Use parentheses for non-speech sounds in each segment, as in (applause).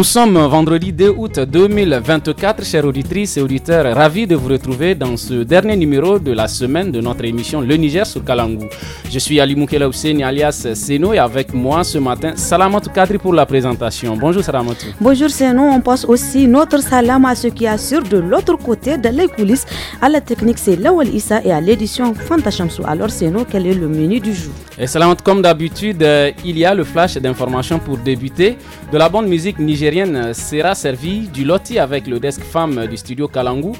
Nous sommes vendredi 2 août 2024, chers auditrices et auditeurs, ravis de vous retrouver dans ce dernier numéro de la semaine de notre émission Le Niger sur Kalangou. Je suis Ali Moukela alias Seno et avec moi ce matin Salamot Kadri pour la présentation. Bonjour Salamatou. Bonjour Seno, on passe aussi notre salam à ceux qui assurent de l'autre côté de les coulisses. À la technique, c'est Lawal Issa et à l'édition Fanta Alors Seno, quel est le menu du jour Et comme d'habitude, euh, il y a le flash d'informations pour débuter de la bonne musique nigérienne euh, sera servie du loti avec le desk femme du studio Kalangu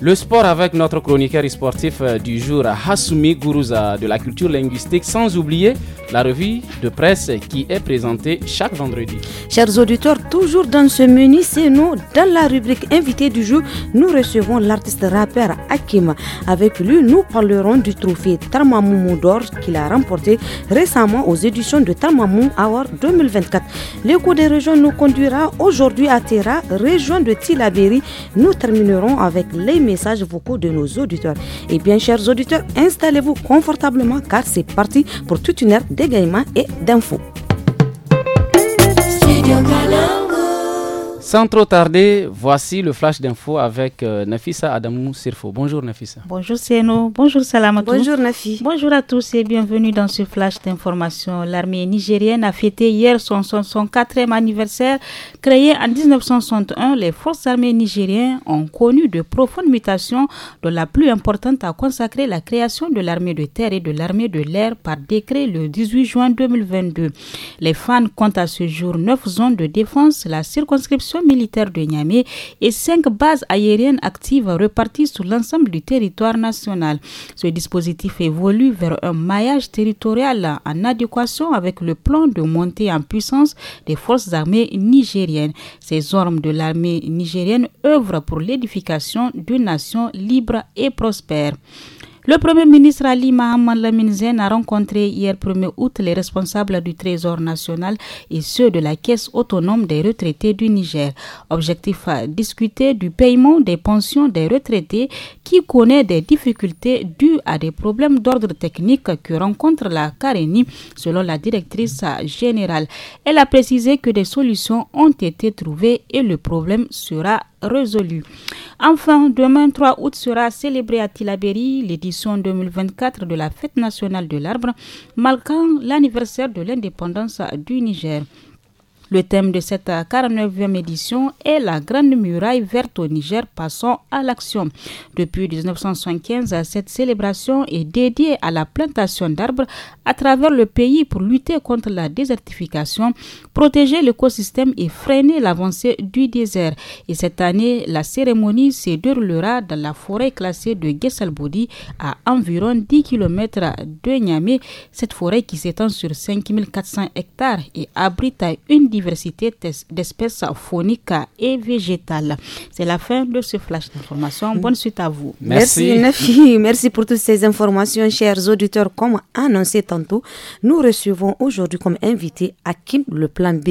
le sport avec notre chroniqueur sportif euh, du jour, Hasumi Gourouza, de la culture linguistique, sans oublier la revue de presse qui est présentée chaque vendredi. Chers auditeurs, toujours dans ce menu, c'est nous, dans la rubrique invité du jour, nous recevons l'artiste rappeur Hakim Avec lui, nous parlerons du trophée Tamamou d'or qu'il a remporté récemment aux éditions de Tamamou Award 2024. L'écho des régions nous conduira aujourd'hui à Terra, région de Tilaberi. Nous terminerons avec les messages vocaux de nos auditeurs. Et eh bien, chers auditeurs, installez-vous confortablement car c'est parti pour toute une heure d'égaiement et d'infos. Sans trop tarder, voici le flash d'info avec euh, Nafisa Nafissa Adamou Sirfo. Bonjour Nafisa. Bonjour Séno. bonjour Salamatou. Bonjour Nafi. Bonjour à tous et bienvenue dans ce flash d'information. L'armée nigérienne a fêté hier son, son, quatrième anniversaire. Créée en 1961, les forces armées nigériennes ont connu de profondes mutations dont la plus importante a consacré la création de l'armée de terre et de l'armée de l'air par décret le 18 juin 2022. Les fans comptent à ce jour neuf zones de défense, la circonscription militaire militaires de Niamey et cinq bases aériennes actives reparties sur l'ensemble du territoire national. Ce dispositif évolue vers un maillage territorial en adéquation avec le plan de montée en puissance des forces armées nigériennes. Ces armes de l'armée nigérienne œuvrent pour l'édification d'une nation libre et prospère. Le Premier ministre Ali Mohamed Laminzen a rencontré hier 1er août les responsables du Trésor national et ceux de la Caisse autonome des retraités du Niger. Objectif à euh, discuter du paiement des pensions des retraités qui connaît des difficultés dues à des problèmes d'ordre technique que rencontre la Carénie selon la directrice euh, générale. Elle a précisé que des solutions ont été trouvées et le problème sera résolu. Enfin, demain 3 août sera célébrée à Tilaberi l'édition 2024 de la Fête nationale de l'arbre, marquant l'anniversaire de l'indépendance du Niger. Le thème de cette 49e édition est la Grande Muraille verte au Niger passant à l'action. Depuis 1975, cette célébration est dédiée à la plantation d'arbres à travers le pays pour lutter contre la désertification, protéger l'écosystème et freiner l'avancée du désert. Et cette année, la cérémonie se déroulera dans la forêt classée de Gesalboudi à environ 10 km de Niamey, cette forêt qui s'étend sur 5400 hectares et abrite à une diversité d'espèces phoniques et végétales. C'est la fin de ce flash d'information. Bonne mm. suite à vous. Merci. Merci, (laughs) Merci pour toutes ces informations, chers auditeurs. Comme annoncé tantôt, nous recevons aujourd'hui comme invité Hakim Le Plan B,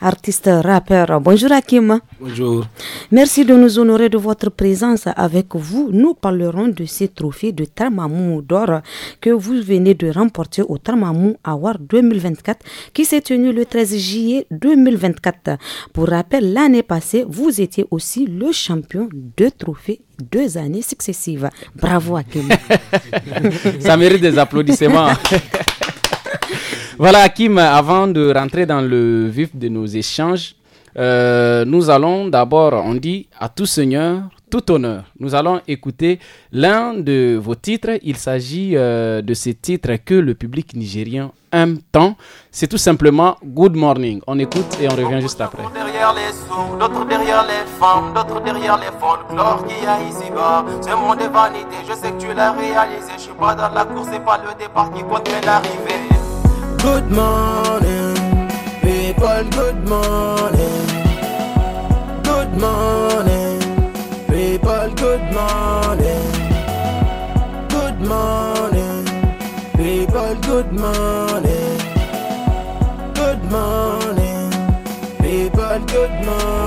artiste rappeur. Bonjour Hakim. Bonjour. Merci de nous honorer de votre présence. Avec vous, nous parlerons de ces trophées de Tamamou d'or que vous venez de remporter au Tamamou Award 2024 qui s'est tenu le 13 juillet 2024. 2024. Pour rappel, l'année passée, vous étiez aussi le champion de trophée deux années successives. Bravo à Kim. (laughs) Ça mérite des applaudissements. (laughs) voilà Kim, avant de rentrer dans le vif de nos échanges, euh, nous allons d'abord, on dit à tout Seigneur, tout honneur. Nous allons écouter l'un de vos titres. Il s'agit euh, de ces titres que le public nigérien aime tant. C'est tout simplement Good Morning. On écoute et on revient juste après. Derrière les sous, d'autres derrière les femmes, d'autres derrière les folklore qui a ici-bas. Ce monde est vanité, je sais que tu l'as réalisé. Je suis pas dans la course, c'est pas le départ qui compte, mais l'arrivée. Good morning. people, good morning. Good morning. People, good morning. Good morning. People, good morning. Good morning. People, good morning.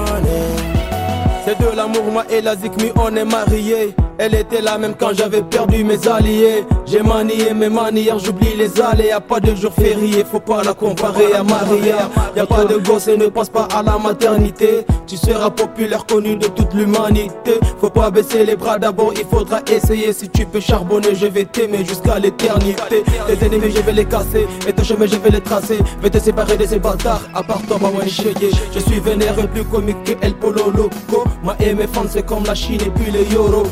l'amour, moi et la Zikmi, on est mariés. Elle était là même quand j'avais perdu mes alliés. J'ai manié mes manières, j'oublie les allées. Y'a pas de jour férié, faut pas la comparer à Maria. Y'a pas de gosse et ne pense pas à la maternité. Tu seras populaire, connu de toute l'humanité. Faut pas baisser les bras d'abord, il faudra essayer. Si tu peux charbonner, je vais t'aimer jusqu'à l'éternité. Tes ennemis, je vais les casser. Et ton chemin, je vais les tracer. Vais te séparer de ces bâtards, à part toi, moi, Je suis vénère plus comique que El Pololo. Moi et mes fans c'est comme la Chine et puis les Yoro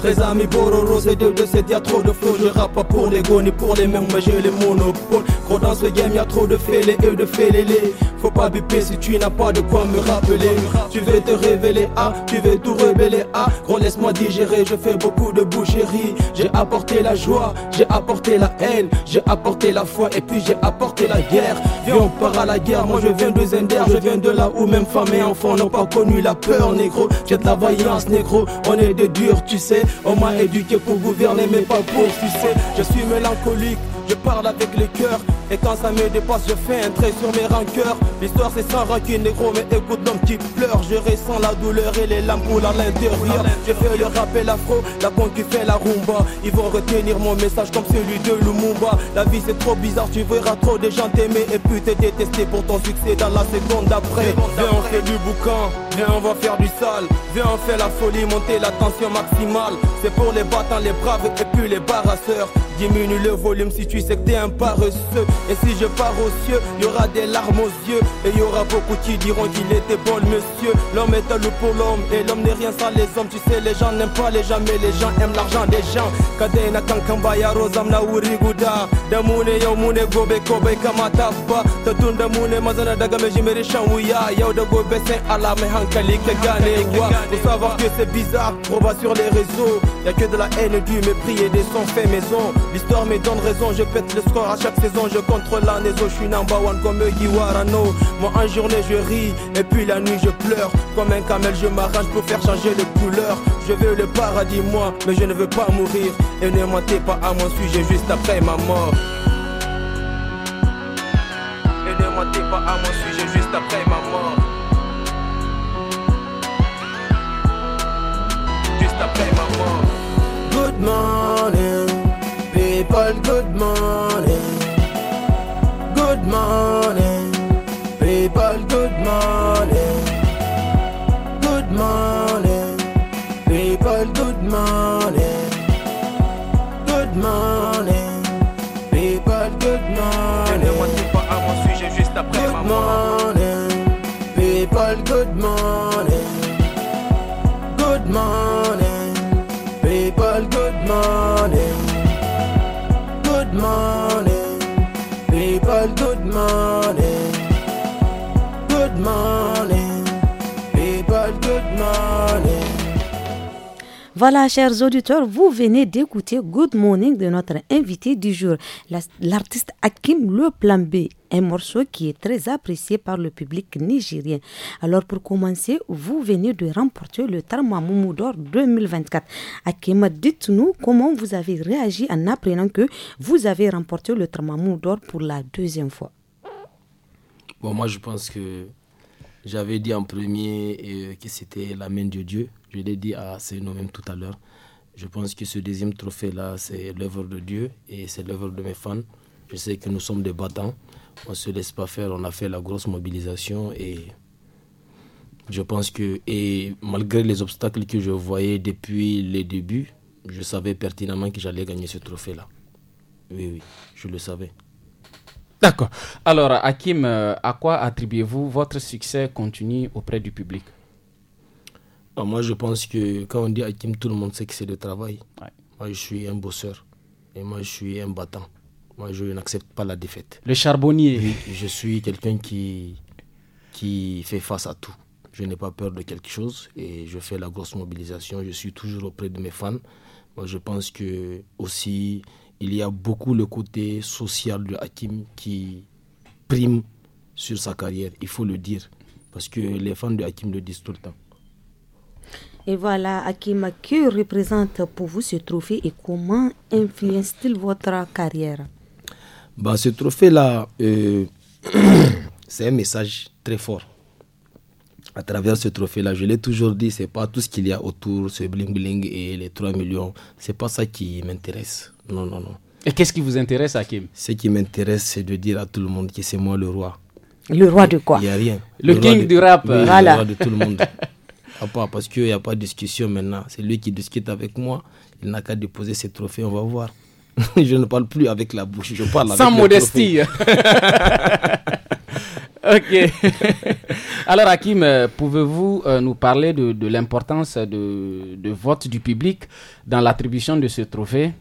Très amis Bororo c'est deux de c'est y'a trop de flow Je rappe pas pour les go ni pour les mêmes mais j'ai les monopoles Gros dans ce game y'a trop de fêlés et de fêlés Faut pas biper si tu n'as pas de quoi me rappeler Tu veux te révéler ah tu veux tout révéler ah Gros laisse-moi digérer je fais beaucoup de boucherie J'ai apporté la joie, j'ai apporté la haine J'ai apporté la foi et puis j'ai apporté la guerre Viens on part à la guerre, moi je viens de Zender Je viens de là où même femmes et enfants n'ont pas connu la peur négro j'ai de la voyance, négro. On est des durs, tu sais. On m'a éduqué pour gouverner, mais pas pour sais. Je suis mélancolique. Je parle avec le cœur et quand ça me dépasse, je fais un trait sur mes rancœurs. L'histoire c'est sans rancune, gros mais écoute l'homme qui pleure. Je ressens la douleur et les larmes coulent à l'intérieur. Je fait le rappel afro la con qui fait la rumba. Ils vont retenir mon message comme celui de Lumumba. La vie c'est trop bizarre, tu verras trop de gens t'aimer et puis te détester pour ton succès dans la seconde d'après. Viens, on fait du boucan, viens, on va faire du sale. Viens, on fait la folie, monter la tension maximale. C'est pour les battants, les braves et puis les barrasseurs. Diminue le volume si tu tu sais que t'es un paresseux. Et si je pars aux cieux, y aura des larmes aux yeux. Et y aura beaucoup qui diront qu'il était bon le monsieur. L'homme est un loup pour l'homme, et l'homme n'est rien sans les hommes. Tu sais, les gens n'aiment pas les gens, mais les gens aiment l'argent des gens. Kadena kankamba ya rozam na wuri guda. gobe kobe kamata ba. Ta mune mazana daga me jimere shan da gobe ala me hankali Kagane gane Faut savoir que c'est bizarre, trop bas sur les réseaux. Y'a que de la haine, du mépris et des sons faits maison. L'histoire me donne raison, pète le score à chaque saison, je contrôle la je suis number one comme Yiwarano. Moi en journée je ris, et puis la nuit je pleure. Comme un camel je m'arrange pour faire changer de couleur. Je veux le paradis moi, mais je ne veux pas mourir. Et ne mentez pas à mon sujet juste après ma mort. Et ne mentez pas à mon sujet juste après ma mort. Juste après ma mort. Good man world, good morning. Good morning. Voilà, chers auditeurs, vous venez d'écouter Good Morning de notre invité du jour, l'artiste Hakim Le Plan B, un morceau qui est très apprécié par le public nigérien. Alors pour commencer, vous venez de remporter le Tarma 2024. Hakim, dites-nous comment vous avez réagi en apprenant que vous avez remporté le Tarma pour la deuxième fois. Bon, moi je pense que j'avais dit en premier euh, que c'était la main de Dieu. Je l'ai dit à nous même tout à l'heure. Je pense que ce deuxième trophée-là, c'est l'œuvre de Dieu et c'est l'œuvre de mes fans. Je sais que nous sommes des battants. On ne se laisse pas faire. On a fait la grosse mobilisation et je pense que, et malgré les obstacles que je voyais depuis le début, je savais pertinemment que j'allais gagner ce trophée-là. Oui, oui, je le savais. D'accord. Alors, Hakim, euh, à quoi attribuez-vous votre succès continu auprès du public euh, Moi, je pense que quand on dit Hakim, tout le monde sait que c'est le travail. Moi, je suis un bosseur et moi, je suis un battant. Moi, je n'accepte pas la défaite. Le charbonnier. Oui. je suis quelqu'un qui, qui fait face à tout. Je n'ai pas peur de quelque chose et je fais la grosse mobilisation. Je suis toujours auprès de mes fans. Moi, je pense que aussi, il y a beaucoup le côté social de Hakim qui prime sur sa carrière, il faut le dire, parce que les fans de Hakim le disent tout le temps. Et voilà, Hakim, que représente pour vous ce trophée et comment influence-t-il votre carrière bah, Ce trophée-là, euh, (clears throat) c'est un message très fort à travers ce trophée-là. Je l'ai toujours dit, c'est pas tout ce qu'il y a autour, ce bling-bling et les 3 millions. C'est pas ça qui m'intéresse. Non, non, non. Et qu'est-ce qui vous intéresse, Hakim Ce qui m'intéresse, c'est de dire à tout le monde que c'est moi le roi. Le roi de quoi Il n'y a rien. Le, king du rap. voilà. Le roi de tout le monde. à (laughs) part, parce qu'il n'y a pas de discussion maintenant. C'est lui qui discute avec moi. Il n'a qu'à déposer ses trophées, on va voir. (laughs) je ne parle plus avec la bouche, je parle Sans modestie. (laughs) ok. (laughs) Alors, Hakim, euh, pouvez-vous euh, nous parler de, l'importance de, vote du public dans l'attribution de ce trophée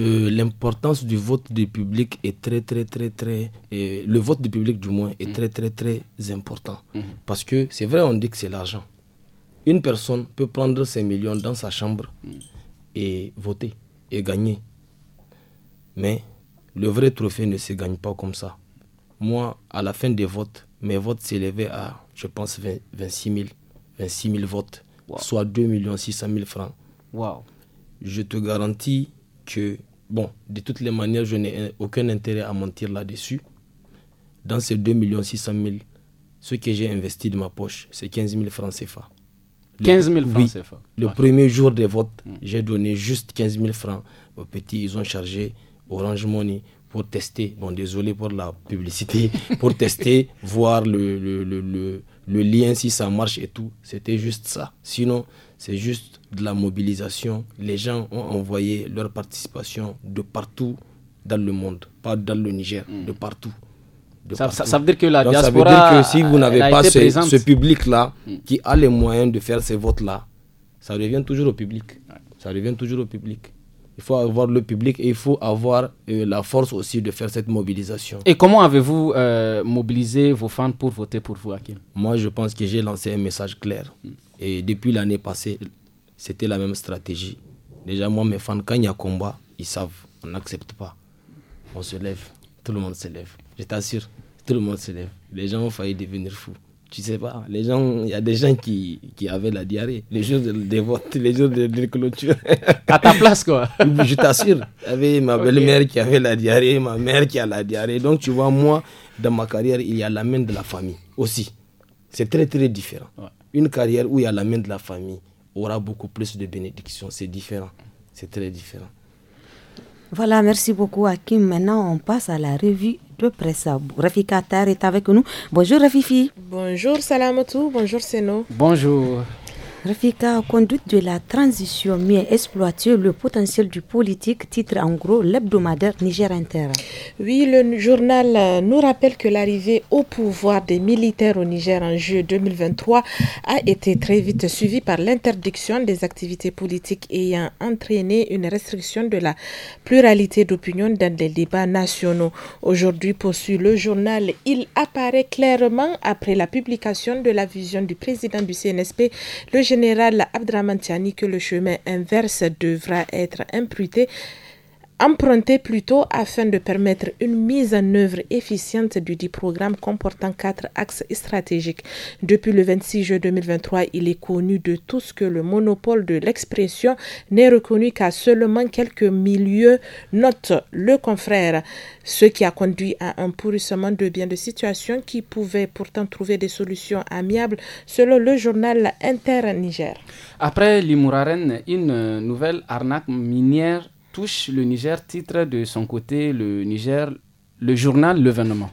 euh, L'importance du vote du public est très, très, très, très. le vote du public, du moins, est mm. très, très, très important. Mm. Parce que c'est vrai, on dit que c'est l'argent. Une personne peut prendre ses millions dans sa chambre mm. et voter et gagner. Mais le vrai trophée ne se gagne pas comme ça moi, à la fin des votes, mes votes s'élevaient à, je pense, 26, 000, 26 000 votes, soit 2 600 000 francs. Waouh Je te garantis que, bon, de toutes les manières, je n'ai aucun intérêt à mentir là-dessus. Dans ces 2 600 000, ce que j'ai investi de ma poche, c'est 15 000 francs CFA. 15 000 francs CFA. Le premier jour des votes, hmm. j'ai donné juste 15 000 francs aux petits. Ils ont chargé Orange Money pour tester. Bon, désolé pour la publicité, pour tester, (laughs) voir le, le, le, le, lien, si ça marche et tout. C'était juste ça. Sinon, c'est juste de la mobilisation. Les gens ont envoyé leur participation de partout dans le monde, pas dans le Niger, hmm. de partout. ça, veut dire que la diaspora. que si vous n'avez pas ce, public-là hmm. qui a les moyens de faire ces votes-là, ça revient toujours au public. Ça revient toujours au public il faut avoir le public et il faut avoir euh, la force aussi de faire cette mobilisation. Et comment avez-vous euh, mobilisé vos fans pour voter pour vous, Akin? Moi, je pense que j'ai lancé un message clair. Hmm. Et depuis l'année passée, c'était la même stratégie. Déjà, moi, mes fans, quand il y a combat, ils savent. On n'accepte pas. On se lève. Tout le monde se lève. Je t'assure, tout le monde se lève. Les gens ont failli devenir fous tu sais pas, les gens, il y a des gens qui, qui avaient la diarrhée, les jours de, dévote, les jours de, clôture. À (laughs) ta place, quoi. (laughs) Je t'assure, il avait ma belle-mère qui avait la diarrhée, ma mère qui a la diarrhée. Donc, tu vois, moi, dans ma carrière, il y a la main de la famille aussi. C'est très, très différent. Une carrière où il y a la main de la famille aura beaucoup plus de bénédictions. C'est différent. C'est très différent. Voilà, merci beaucoup, Hakim. Maintenant, on passe à la revue près ça. est avec nous. Bonjour Rafifi. Bonjour Salamatou, bonjour Seno. Bonjour. Rafika, conduite de la transition, mieux exploiter le potentiel du politique, titre en gros l'hebdomadaire Niger Inter. Oui, le journal nous rappelle que l'arrivée au pouvoir des militaires au Niger en juillet 2023 a été très vite suivie par l'interdiction des activités politiques ayant entraîné une restriction de la pluralité d'opinion dans les débats nationaux. Aujourd'hui, poursuit le journal, il apparaît clairement après la publication de la vision du président du CNSP, le général Abdraman que le chemin inverse devra être imputé plus plutôt afin de permettre une mise en œuvre efficiente du dit programme comportant quatre axes stratégiques. Depuis le 26 juin 2023, il est connu de tous que le monopole de l'expression n'est reconnu qu'à seulement quelques milieux, note le confrère, ce qui a conduit à un pourrissement de biens de situation qui pouvait pourtant trouver des solutions amiables selon le journal Inter Niger. Après l'Imouraren, une nouvelle arnaque minière touche le Niger, titre de son côté le Niger, le journal L'événement.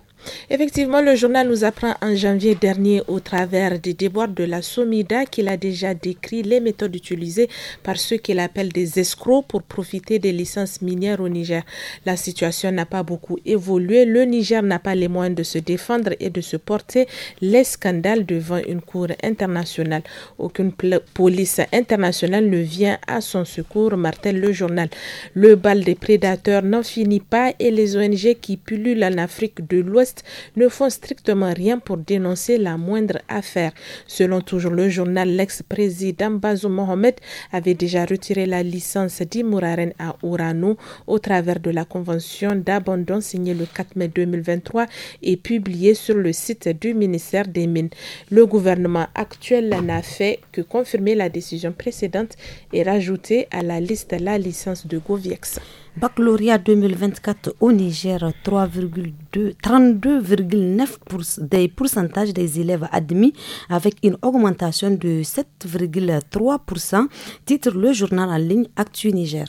Effectivement, le journal nous apprend en janvier dernier, au travers des déboires de la Somida, qu'il a déjà décrit les méthodes utilisées par ceux qu'il appelle des escrocs pour profiter des licences minières au Niger. La situation n'a pas beaucoup évolué. Le Niger n'a pas les moyens de se défendre et de se porter les scandales devant une cour internationale. Aucune police internationale ne vient à son secours, martèle le journal. Le bal des prédateurs n'en finit pas et les ONG qui pullulent en Afrique de l'Ouest ne font strictement rien pour dénoncer la moindre affaire. Selon toujours le journal, l'ex-président Bazoum Mohamed avait déjà retiré la licence d'Imouraren à Ourano au travers de la convention d'abandon signée le 4 mai 2023 et publiée sur le site du ministère des Mines. Le gouvernement actuel n'a fait que confirmer la décision précédente et rajouter à la liste la licence de Goviex. Baccalauréat 2024 au Niger, 32,9% des pourcentages des élèves admis avec une augmentation de 7,3%, titre le journal en ligne Actu Niger.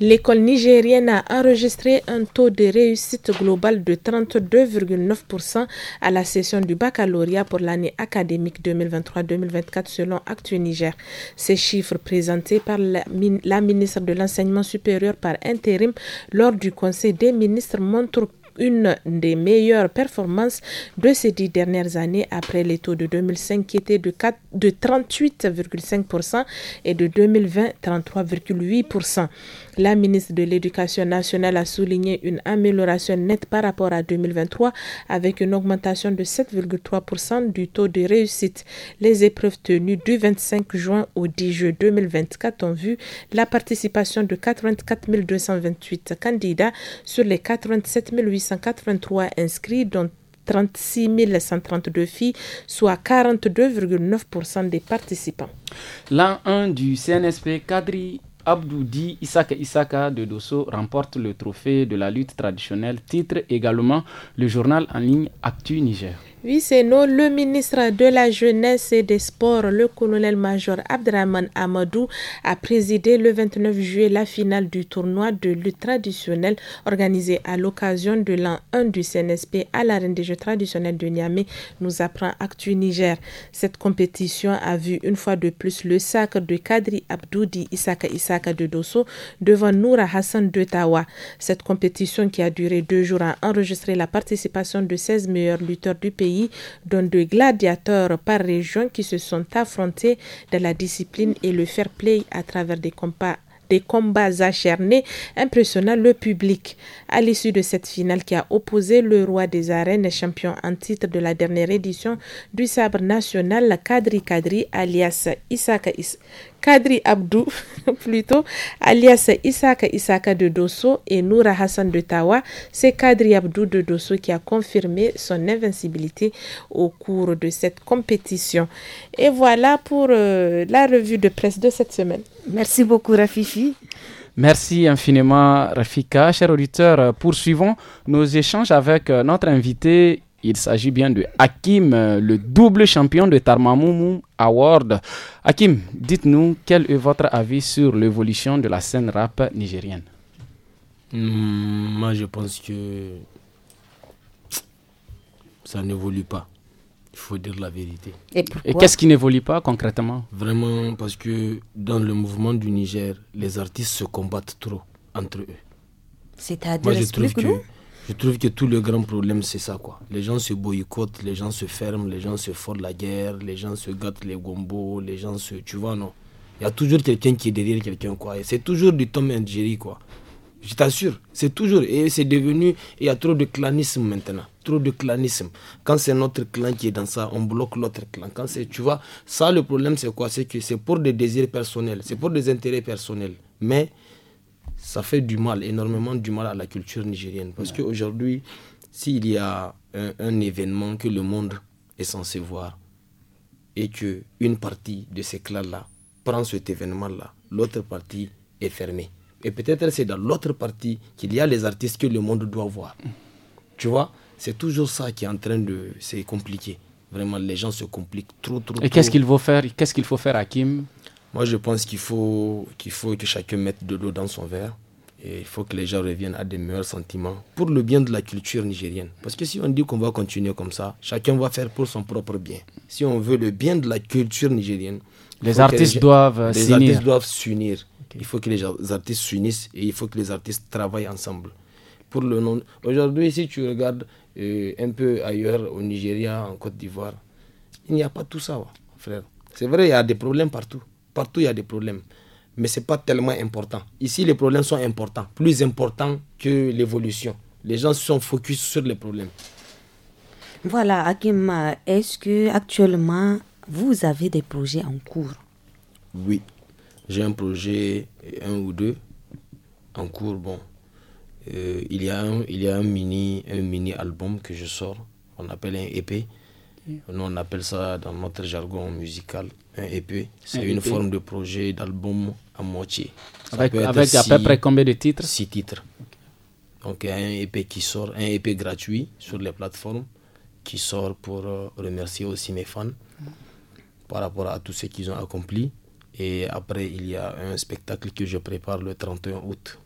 L'école nigérienne a enregistré un taux de réussite global de 32,9% à la session du baccalauréat pour l'année académique 2023-2024 selon Actu Niger. Ces chiffres présentés par la, ministre de l'Enseignement supérieur par intérim lors du Conseil des ministres montrent une des meilleures performances de ces dix dernières années après les taux de 2005 qui étaient de 38,5% et de 2020 33,8%. La ministre de l'Éducation nationale a souligné une amélioration nette par rapport à 2023 avec une augmentation de 7,3% du taux de réussite. Les épreuves tenues du 25 juin au 10 juillet 2024 ont vu la participation de 84 228 candidats sur les 87 883 inscrits dont 36 132 filles, soit 42,9% des participants. L'an 1 du CNSP Cadri Abdoudi Isaka Isaka de Dosso remporte le trophée de la lutte traditionnelle, titre également le journal en ligne Actu Niger. Oui, c'est nous, le ministre de la Jeunesse et des Sports, le colonel-major Abdraman Amadou, a présidé le 29 juillet la finale du tournoi de lutte traditionnelle organisé à l'occasion de l'an 1 du CNSP à l'arène des Jeux traditionnels de Niamey, nous apprend Actu Niger. Cette compétition a vu une fois de plus le sacre de Kadri Abdoudi Isaka Isaka de Dosso devant Noura Hassan de Tawa. Cette compétition qui a duré deux jours a enregistré la participation de 16 meilleurs lutteurs du pays dont deux gladiateurs par région qui se sont affrontés dans la discipline et le fair play à travers des combats des combats acharnés impressionnant le public. À l'issue de cette finale qui a opposé le roi des arènes, champion en titre de la dernière édition du sabre national, Kadri Kadri alias Isaka Kadri Abdou, (laughs) plutôt, alias Isaka Isaka de Dosso et Noura Hassan de Tawa. C'est Kadri Abdou de Dosso qui a confirmé son invincibilité au cours de cette compétition. Et voilà pour euh, la revue de presse de cette semaine. Merci beaucoup, Rafifi. Merci infiniment, Rafika. Chers auditeurs, euh, poursuivons nos échanges avec euh, notre invité il s'agit bien de Hakim, euh, le double champion de Tarmamoumou Award. Hakim, dites-nous quel est votre avis sur l'évolution de la scène rap nigérienne hmm, Moi, je pense que ça n'évolue pas. Il faut dire la vérité. Et, qu'est-ce qui n'évolue pas concrètement Vraiment, parce que dans le mouvement du Niger, les artistes se combattent trop entre eux. C'est-à-dire, que... Je trouve que tout le grand problème, c'est ça, quoi. Les gens se boycottent, les gens se ferment, les gens se font la guerre, les gens se gâtent les gombos, les gens se... Tu vois, non Il y a toujours quelqu'un qui est derrière quelqu'un, quoi. Et c'est toujours du Tom Jerry, quoi. Je t'assure, c'est toujours. Et c'est devenu. Il y a trop de clanisme maintenant. Trop de clanisme. Quand c'est notre clan qui est dans ça, on bloque l'autre clan. Quand c'est, tu vois, ça, le problème, c'est quoi C'est que c'est pour des désirs personnels, c'est pour des intérêts personnels. Mais ça fait du mal, énormément du mal à la culture nigérienne. Parce qu'aujourd'hui, s'il y a un, événement que le monde est censé voir et que une partie de ces clans-là prend cet événement-là, l'autre partie est fermée. Et peut-être c'est dans l'autre partie qu'il y a les artistes que le monde doit voir. Tu vois, c'est toujours ça qui est en train de... C'est compliqué. Vraiment, les gens se compliquent trop, trop. Et qu'est-ce qu'il faut faire Qu'est-ce qu'il faut faire, Hakim Moi, je pense qu'il faut qu'il faut que chacun mette de l'eau dans son verre il faut que les gens reviennent à des meilleurs sentiments pour le bien de la culture nigérienne. Parce que si on dit qu'on va continuer comme ça, chacun va faire pour son propre bien. Si on veut le bien de la culture nigérienne, les artistes, doivent euh, les artistes doivent s'unir. Il faut que les artistes s'unissent et il faut que les artistes travaillent ensemble. Pour le nom. Aujourd'hui, si tu regardes euh, un peu ailleurs, au Nigeria, en Côte d'Ivoire, il n'y a pas tout ça, frère. C'est vrai, il y a des problèmes partout. Partout, il y a des problèmes mais ce n'est pas tellement important. Ici, les problèmes sont importants, plus importants que l'évolution. Les gens sont focus sur les problèmes. Voilà, Hakim, est-ce que actuellement vous avez des projets en cours Oui, j'ai un projet, euh, un ou deux, en cours. Bon, euh, il, y a un, il y a un mini, un mini album que je sors, on appelle un EP. Nous, on appelle ça dans notre jargon musical un EP. C'est une e forme de projet, d'album moitié. avec, à peu près combien de titres 6 titres. Donc un EP qui sort, un EP gratuit sur les plateformes qui sort pour euh, remercier aussi mes fans par rapport à tout ce qu'ils ont accompli. Et après, il y a un spectacle que je prépare le 31 août.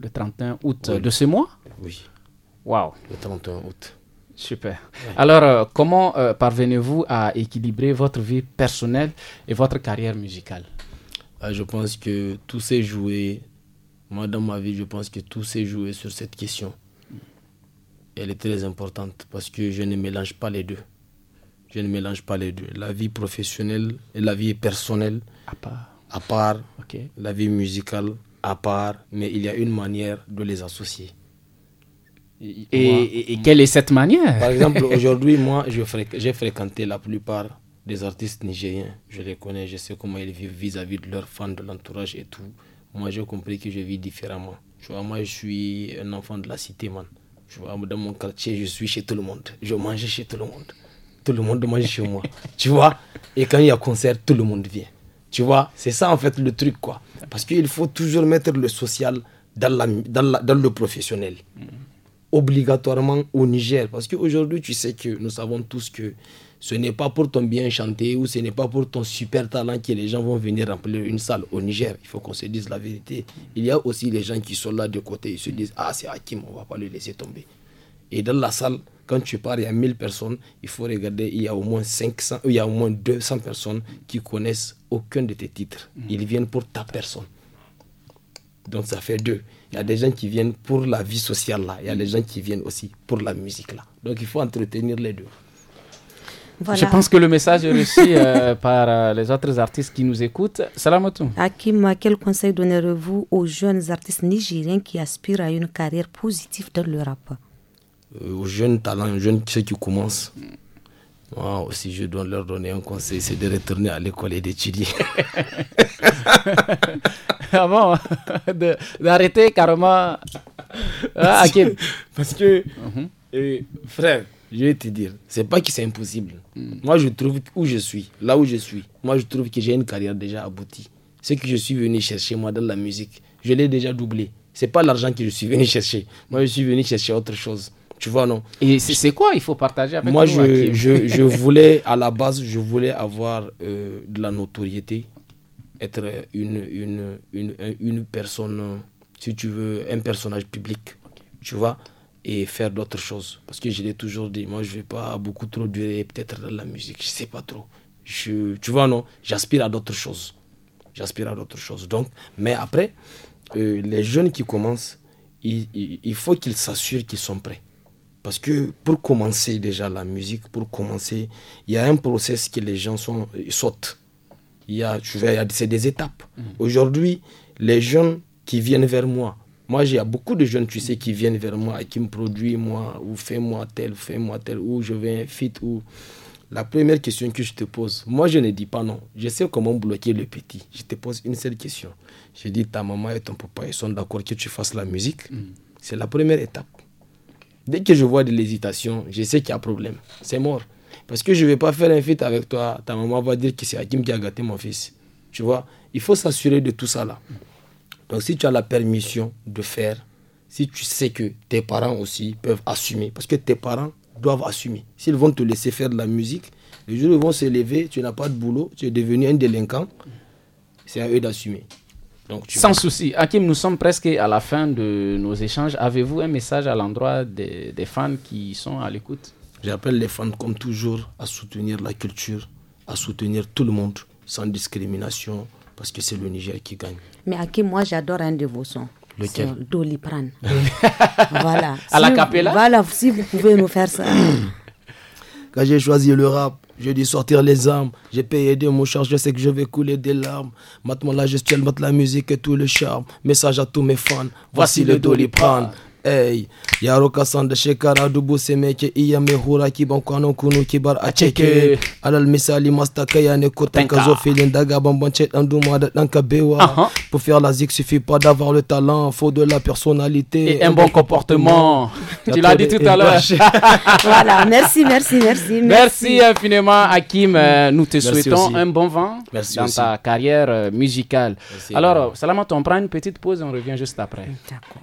Le 31 août de ce mois Oui. Waouh. Le 31 août. Super. Alors, euh, comment euh, parvenez-vous à équilibrer votre vie personnelle et votre carrière musicale ah, je pense que tout s'est joué, moi dans ma vie, je pense que tout s'est joué sur cette question. Elle est très importante parce que je ne mélange pas les deux. Je ne mélange pas les deux. La vie professionnelle et la vie personnelle. À part. À part. La vie musicale, à part. Mais il y a une manière de les associer. Et, et, quelle est cette manière Par exemple, (laughs) aujourd'hui, moi, j'ai fréquenté la plupart des artistes nigériens. Je les connais, je sais comment ils vivent vis-à-vis de leurs fans, de l'entourage et tout. Moi, j'ai compris que je vis différemment. Tu vois, moi, je suis un enfant de la cité, man. Tu vois, dans mon quartier, je suis chez tout le monde. Je mange chez tout le monde. Tout le monde mange chez moi. (laughs) Tu vois Et quand il y a concert, tout le monde vient. Tu vois C'est ça, en fait, le truc, quoi. Parce qu'il faut toujours mettre le social dans, la, dans, dans le professionnel. Mm. Obligatoirement au Niger. Parce qu'aujourd'hui, tu sais que nous savons tous que ce n'est pas pour ton bien chanter ou ce n'est pas pour ton super talent que les gens vont venir remplir une salle au Niger. Il faut qu'on se dise la vérité. Il y a aussi les gens qui sont là de côté. Ils se disent Ah, c'est Hakim, on va pas le laisser tomber. Et dans la salle, quand tu pars, il y a 1000 personnes. Il faut regarder, il y a au moins 500, euh, il y a au moins 200 personnes qui connaissent aucun de tes titres. Mhm. Ils viennent pour ta personne. Donc ça fait deux. Il y a des gens qui viennent pour la vie sociale là. Il y a mhm. des gens qui viennent aussi pour la musique là. Donc il faut entretenir les deux. Je pense que le message est reçu euh, (laughs) par euh, les autres artistes qui nous écoutent. Salamatou. Hakim, quel conseil donnerez-vous aux jeunes artistes nigériens qui aspirent à une carrière positive dans le rap euh, Aux jeunes talents, aux jeunes ceux qui commencent. Moi aussi, je dois leur donner un conseil, c'est de retourner à l'école et d'étudier. Avant (laughs) ah (laughs) D'arrêter carrément ah, Hakim. Parce que, mhm. frère, je vais te dire, c'est pas que c'est impossible. Moi, je trouve où je suis, là où je suis, moi, je trouve que j'ai une carrière déjà aboutie. Ce que je suis venu chercher, moi, dans la musique, je l'ai déjà doublé. C'est pas l'argent que je suis venu chercher. Moi, je suis venu chercher autre chose. Tu vois, non Et c'est quoi Il faut partager avec moi. je, je, (laughs) je, voulais, à la base, je voulais avoir euh, de la notoriété, être une, une, une, une, personne, si tu veux, un personnage public. Tu vois et faire d'autres choses. Parce que je l'ai toujours dit, moi, je ne vais pas beaucoup trop durer peut-être dans la musique, je ne sais pas trop. Je, tu vois, non, j'aspire à d'autres choses. J'aspire à d'autres choses. Donc, mais après, euh, les jeunes qui commencent, il, il, faut qu'ils s'assurent qu'ils sont prêts. Parce que pour commencer déjà la musique, pour commencer, il y a un process que les gens sont, sautent. Il y a, c'est des étapes. Mm. Aujourd'hui, les jeunes qui viennent vers moi, moi, j'ai beaucoup de jeunes, tu sais, qui viennent vers moi et qui me produisent, moi, ou fais-moi tel, fais-moi tel, ou je vais un fit, ou. La première question que je te pose, moi, je ne dis pas non. Je sais comment bloquer le petit. Je te pose une seule question. Je dis, ta maman et ton papa, ils sont d'accord que tu fasses la musique. Mm. C'est la première étape. Dès que je vois de l'hésitation, je sais qu'il y a problème. C'est mort. Parce que je ne vais pas faire un fit avec toi. Ta maman va dire que c'est Hakim qui a gâté mon fils. Tu vois, il faut s'assurer de tout ça là. Mm. Donc si tu as la permission de faire, si tu sais que tes parents aussi peuvent assumer, parce que tes parents doivent assumer. S'ils vont te laisser faire de la musique, les jour où ils vont se lever, tu n'as pas de boulot, tu es devenu un délinquant, c'est à eux d'assumer. Donc, Sans souci. Hakim, nous sommes presque à la fin de nos échanges. Avez-vous un message à l'endroit des fans qui sont à l'écoute J'appelle les fans, comme toujours, à soutenir la culture, à soutenir tout le monde, sans discrimination, parce que c'est le Niger qui gagne. Mais à qui moi j'adore un de vos sons. Lequel Doliprane. (laughs) voilà. À la capella Voilà, si vous pouvez nous faire ça. (coughs) Quand j'ai choisi le rap, j'ai dû sortir les armes. J'ai payé de mon charge, je sais que je vais couler des larmes. Maintenant la gestuelle, maintenant la musique et tout le charme. Message à tous mes fans, voici, voici le Doliprane. Hey, yaro kasan da shekara dubu sai meke iya mai hura ki ban kunu kibar bar a ceke alal misali masta kaya ne ko tanka zo filin daga bambance dan duma da dan kabewa pour faire la zik suffit pas d'avoir le talent faut de la personnalité et un bon comportement tu l'as dit tout à l'heure (laughs) voilà merci merci merci merci infiniment Hakim euh, nous te souhaitons un bon vent dans ta carrière euh, musicale alors Salamat on prend une petite pause on revient juste après d'accord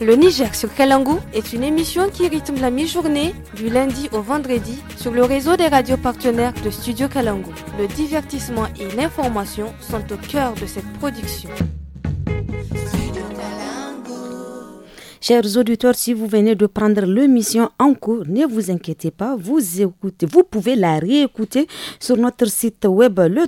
Le Niger sur Kalangou est une émission qui rythme la mi-journée du lundi au vendredi sur le réseau des radios partenaires de Studio Kalangou. Le divertissement et l'information sont au cœur de cette production. Chers auditeurs, si vous venez de prendre l'émission en cours, ne vous inquiétez pas, vous écoutez, vous pouvez la réécouter sur notre site web le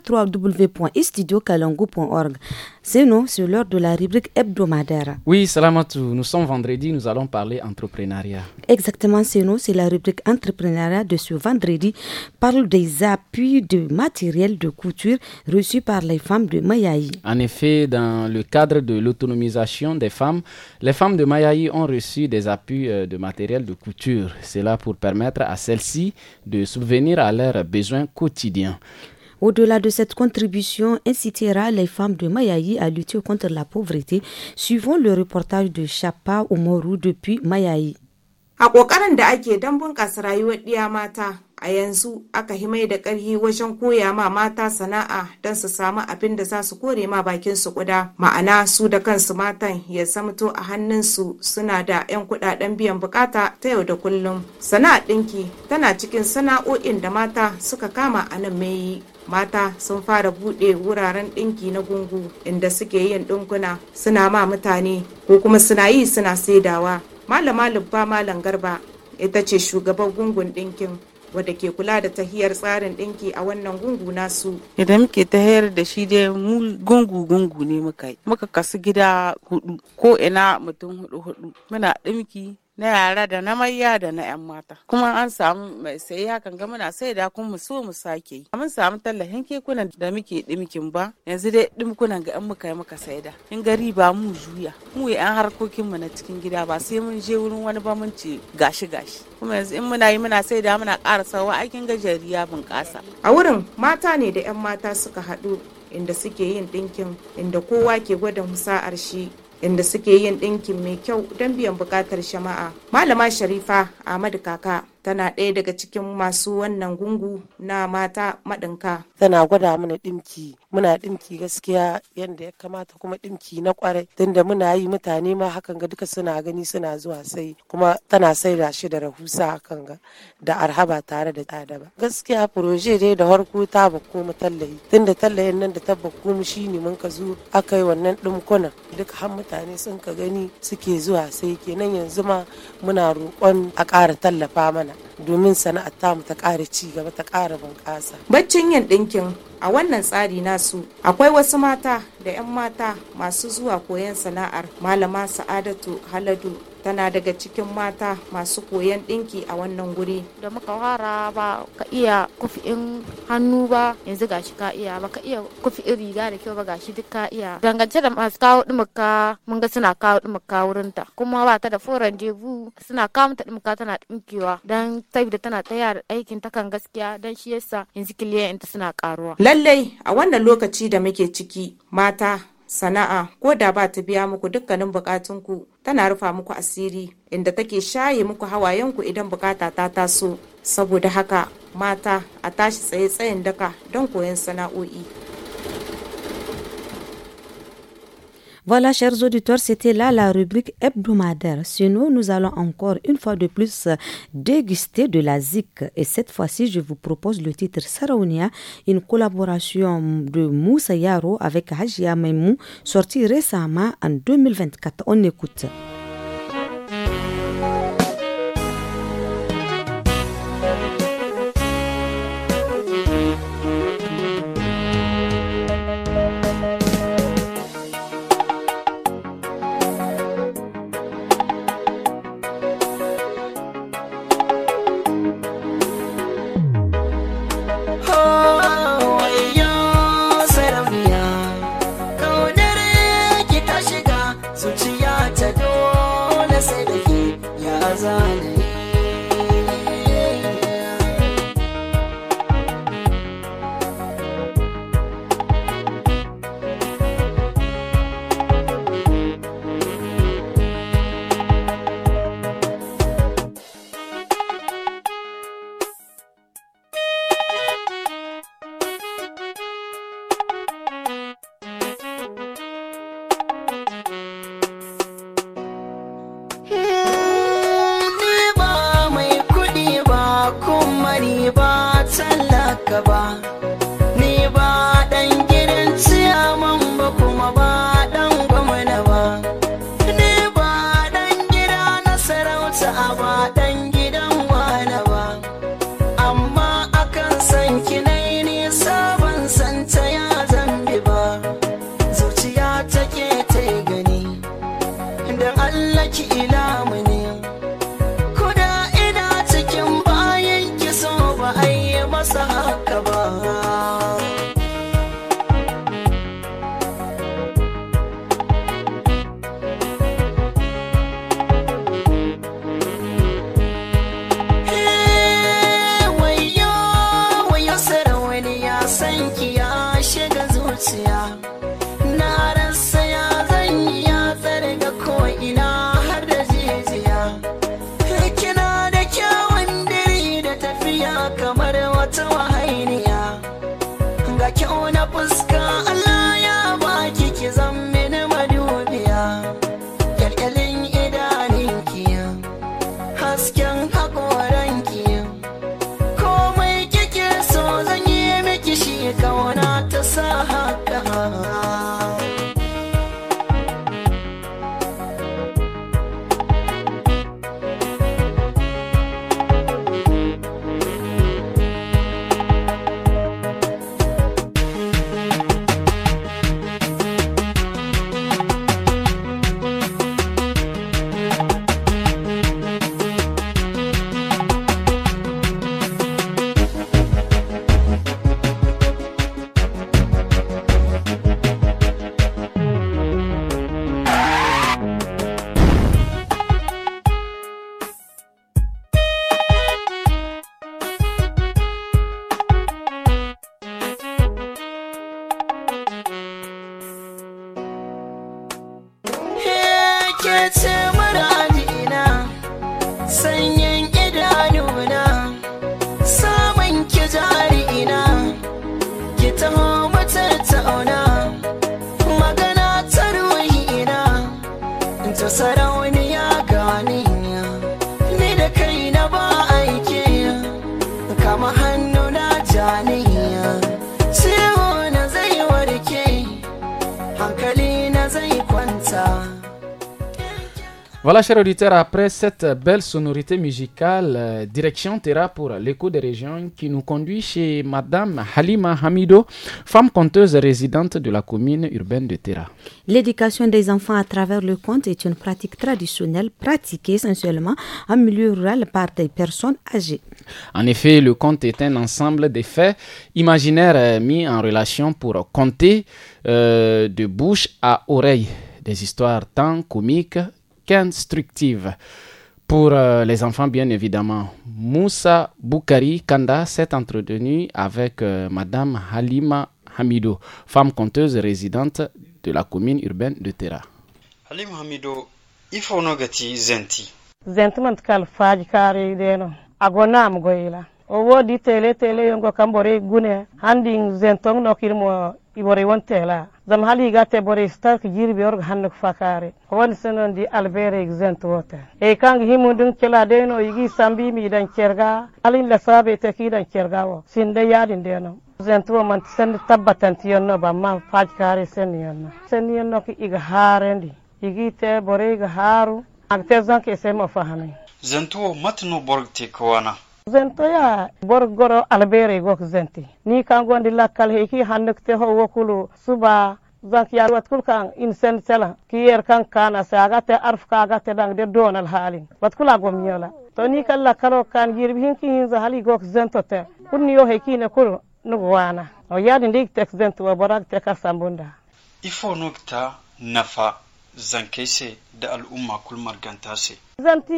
c'est nous, c'est l'heure de la rubrique hebdomadaire. Oui, Salamatou, nous sommes vendredi, nous allons parler entrepreneuriat. Exactement, c'est nous, c'est la rubrique entrepreneuriat de ce vendredi. Parle des appuis de matériel de couture reçus par les femmes de Mayaï. En effet, dans le cadre de l'autonomisation des femmes, les femmes de Mayaï ont reçu des appuis euh, de matériel de couture. Cela pour permettre à celles-ci de subvenir à leurs besoins quotidiens. Au-delà de cette contribution, incitera les femmes de Mayaï à lutter contre la pauvreté, suivant le reportage de Chapa Omoru depuis Mayaï. A ƙoƙarin da ake don bunƙasa rayuwar ɗiya mata, a yanzu aka himai da ƙarhi wajen koya ma mata sana'a don su samu abin da za su kore ma bakin su kuda ma'ana su da kansu matan ya zamto a hannunsu suna da 'yan kudaden biyan bukata ta yau da kullum sana'a ɗinki tana cikin sana'o'in da mata suka kama a nan mai mata sun fara buɗe wuraren ɗinki na gungu inda suke yin ɗinkuna suna ma mutane ko kuma suna yi suna saidawa malama lubba malam garba ita ce shugaban gungun ɗinkin wadda ke kula da tahiyar tsarin ɗinki a wannan gungu nasu. Idan muke tahiyar da shi dai mu gungu gungu ne muka yi. Muka kasu gida hudu ko ina mutum hudu hudu. Muna ɗinki na yara da na mayya da na 'yan mata kuma an samu mai sayi hakan ga muna sai da mu so mu sake yi mun samu tallafin kekunan da muke dimkin ba yanzu dai dimkunan ga 'yan muka yi muka saida in gari ba mu juya mu yi 'yan harkokin mu na cikin gida ba sai mun je wurin wani ba mun ce gashi gashi kuma yanzu in muna yi muna sai da muna ƙara sawa aikin gajeriya bunƙasa a wurin mata ne da 'yan mata suka haɗu inda suke yin ɗinkin inda kowa ke gwada musa'ar shi inda suke yin ɗinkin mai kyau don biyan buƙatar shama'a. Malama Sharifa Ahmadu Kaka tana ɗaya daga cikin masu wannan gungu na mata maɗinka. Tana gwada mana ɗinki, muna ɗinki gaskiya yadda ya kamata kuma ɗinki na ƙwarai. Tunda muna yi mutane ma hakan ga duka suna gani suna zuwa sai kuma tana sai da shi da rahusa hakan ga da arhaba tare da tsada ba. Gaskiya proje dai da harko ta bakko mu tallahi. Tunda tallayin nan da ta bakko mu shine mun ka zo aka yi wannan ɗinkuna. Duka har mutane sun ka gani suke zuwa sai kenan yanzu ma muna roƙon a ƙara tallafa mana. mana domin sana'ar tamu ta ƙara ci gaba ta ƙara bunƙasa. Baccin yin ɗinkin a wannan tsari nasu akwai wasu mata da 'yan mata masu zuwa koyon sana'ar malama sa'adatu haladu tana daga cikin mata masu koyan ɗinki a wannan guri. Da muka fara ba ka iya in hannu ba yanzu gashi ka iya ba ka iya kufi'in riga da kyau ba gashi duk ka iya. Dangance da masu kawo ɗumuka mun ga suna kawo ɗumuka wurinta kuma ba ta da foran debu suna kawo mata ɗumuka tana ɗinkewa dan saboda tana tsaya da aikin ta kan gaskiya dan shi yasa yanzu kiliyan suna karuwa. Lallai a wannan lokaci da muke ciki mata sana'a ko da ba ta biya muku dukkanin bukatunku tana rufa muku asiri inda take shaye muku hawayenku idan bukata ta taso saboda haka mata a tashi tsaye tsayin daka don koyon sana'o'i Voilà, chers auditeurs, c'était là la rubrique hebdomadaire. Sinon, nous allons encore une fois de plus déguster de la zik. Et cette fois-ci, je vous propose le titre Saraounia, une collaboration de Moussa Yaro avec Hajia Maimou, sorti récemment en 2024. On écoute. chers auditeurs, après cette belle sonorité musicale, euh, direction Terra pour l'écho des régions qui nous conduit chez Madame Halima Hamido, femme conteuse résidente de la commune urbaine de Terra. L'éducation des enfants à travers le conte est une pratique traditionnelle pratiquée essentiellement en milieu rural par des personnes âgées. En effet, le conte est un ensemble des faits imaginaires euh, mis en relation pour compter euh, de bouche à oreille des histoires tant comiques constructive. Pour euh, les enfants, bien évidemment, Moussa Boukari Kanda s'est entretenu avec euh, Madame Halima Hamido, femme conteuse résidente de la commune urbaine de Terra. Halima Hamido, il faut nous zenti. Zenti man kal faji kari deno. Agona mgoila. Owo di tele tele yongo kambore gune. Handing zentong Nokirmo kirmo ibore won tela. zam hali gate boris tank jirbi org hanno fakare won senon di albert exempt wota e kang himu dun kela deno yigi sambi mi dan cerga alin la sabe te ki dan cerga wo sinde yadin deno zentwo man sen tabbatan tiyono ba man faj kare sen yonno sen yonno ki iga harendi yigi te bore iga haru agte zanke sema fahami zentuo matno borg te kawana zentoya bor goro albere gok zenti ni kangondi lakkal heki hannukte ho wokulu suba zankiyar watkul kan insen sela kiyer kan kana se agate arf ka agate dang de donal halin watkul agom nyola to ni kan lakkalo kan girbihin ki hinza hali gok zentote kunni yo hekine kul nugu wana o yadi ndik tek zento wa borak te kasambunda ifo nukta nafa Zanke se da al'umma kulmar se. zanti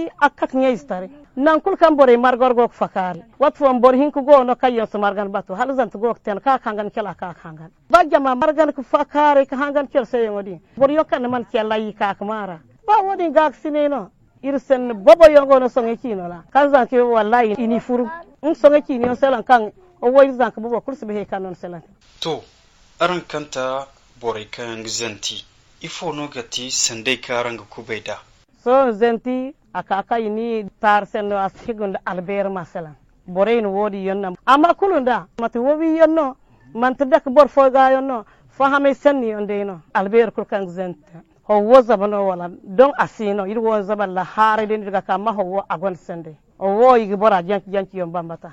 yi tare. nan kul kan bore margar gok fakari wat fon bor hinku go no kayon su margan batu hal zanti gok ten ka kangan kela ka kangan bajama margan ku fakari ka hangan kel se yodi bor kan man kela yi ka kamara ba wodi gak iri irsen bobo yongo no songe kino la kan zanti wallahi ini furu in songe kino selan kan o woy zanti bobo kursi be kanon selan to aran kanta bore kan zanti ifo no gati sandai karanga kubaida so zanti akaka ini tar sendo ashigun alber masalan borayn wodi yonna amma kulunda mati wobi yonno manta dak bor foga yonno fahamay sanni ondeno alber kulkan zanta ho wozabano wala don asino yir wozaba la hare den daga kama ho agon sende o wo yigi bora jank jank yon bambata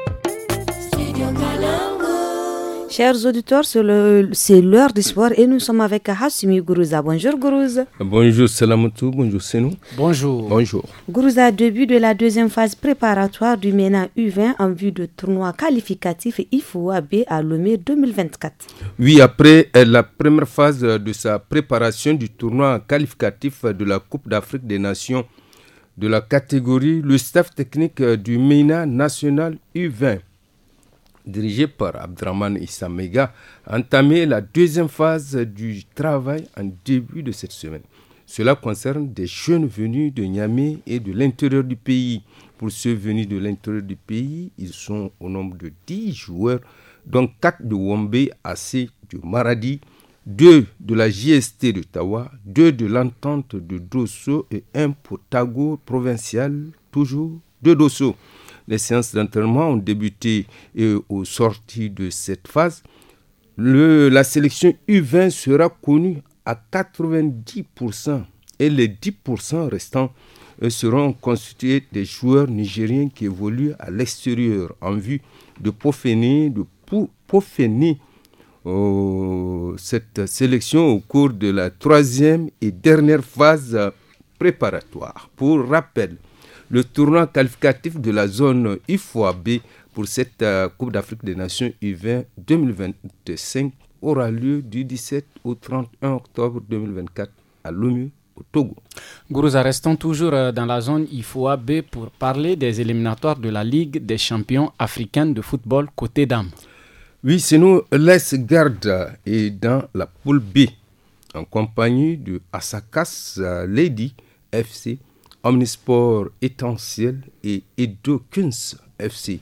Chers auditeurs, c'est l'heure du soir et nous sommes avec Hassimi Gourouza. Bonjour Gourouza. Bonjour Salamoutou, bonjour Senou. Bonjour. Bonjour. Gourouza, début de la deuxième phase préparatoire du MENA U20 en vue de tournoi qualificatif IFOAB à Lomé 2024. Oui, après euh, la première phase euh, de sa préparation du tournoi qualificatif euh, de la Coupe d'Afrique des Nations de la catégorie, le staff technique du MENA national U20 dirigé par Abdraman Issamega, a entamé la deuxième phase du travail en début de cette semaine. Cela concerne des jeunes venus de Niamey et de l'intérieur du pays. Pour ceux venus de l'intérieur du pays, ils sont au nombre de 10 joueurs, dont 4 de Wombe, AC du Maradi, 2 de la JST de Tawa, 2 de l'entente de Dosso et 1 pour Tago provincial, toujours de Dosso les séances d'entraînement ont débuté et au sorti de cette phase. la sélection U20 sera connue à 90% et les 10% restants euh, seront constitués des joueurs nigériens qui évoluent à l'extérieur en vue de peaufiner, euh, cette sélection au cours de la troisième et dernière phase préparatoire. Pour rappel, le tournoi qualificatif de la zone IFOAB pour cette euh, Coupe d'Afrique des Nations U20 2025 aura lieu du 17 au 31 octobre 2024 à Lomé au Togo. Gourouza, restons toujours euh, dans la zone IFOAB pour parler des éliminatoires de la Ligue des champions africains de football côté dames. Oui, nous. Les Garde est dans la poule B en compagnie de Asakas euh, Lady FC Omnisport Essentiel et Edo FC.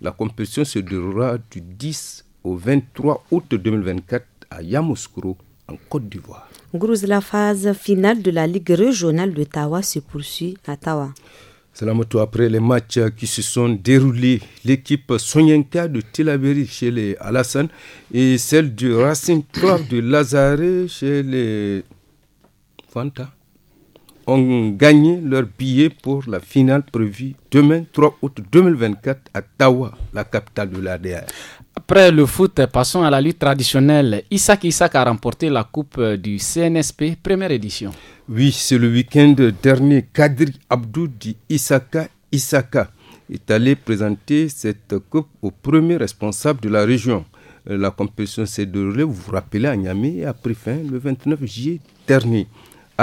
La compétition se déroulera du 10 au 23 août 2024 à Yamoussoukro, en Côte d'Ivoire. Grouze, la phase finale de la Ligue régionale de Tawa se poursuit à Tawa. Salamoto, après les matchs qui se sont déroulés, l'équipe Sonyenka de Tilaberi chez les Alassane et celle du Racing 3 de Lazare chez les Fanta ont gagné leur billet pour la finale prévue demain 3 août 2024 à Tawa, la capitale de l'ADR. Après le foot, passons à la lutte traditionnelle. Isaac Isaac a remporté la Coupe du CNSP, première édition. Oui, c'est le week-end dernier. Kadri Abdou dit Isaka Isaka est allé présenter cette Coupe au premier responsable de la région. Euh, la compétition s'est déroulée, vous vous rappelez, à Niamey, et a pris fin le 29 juillet dernier.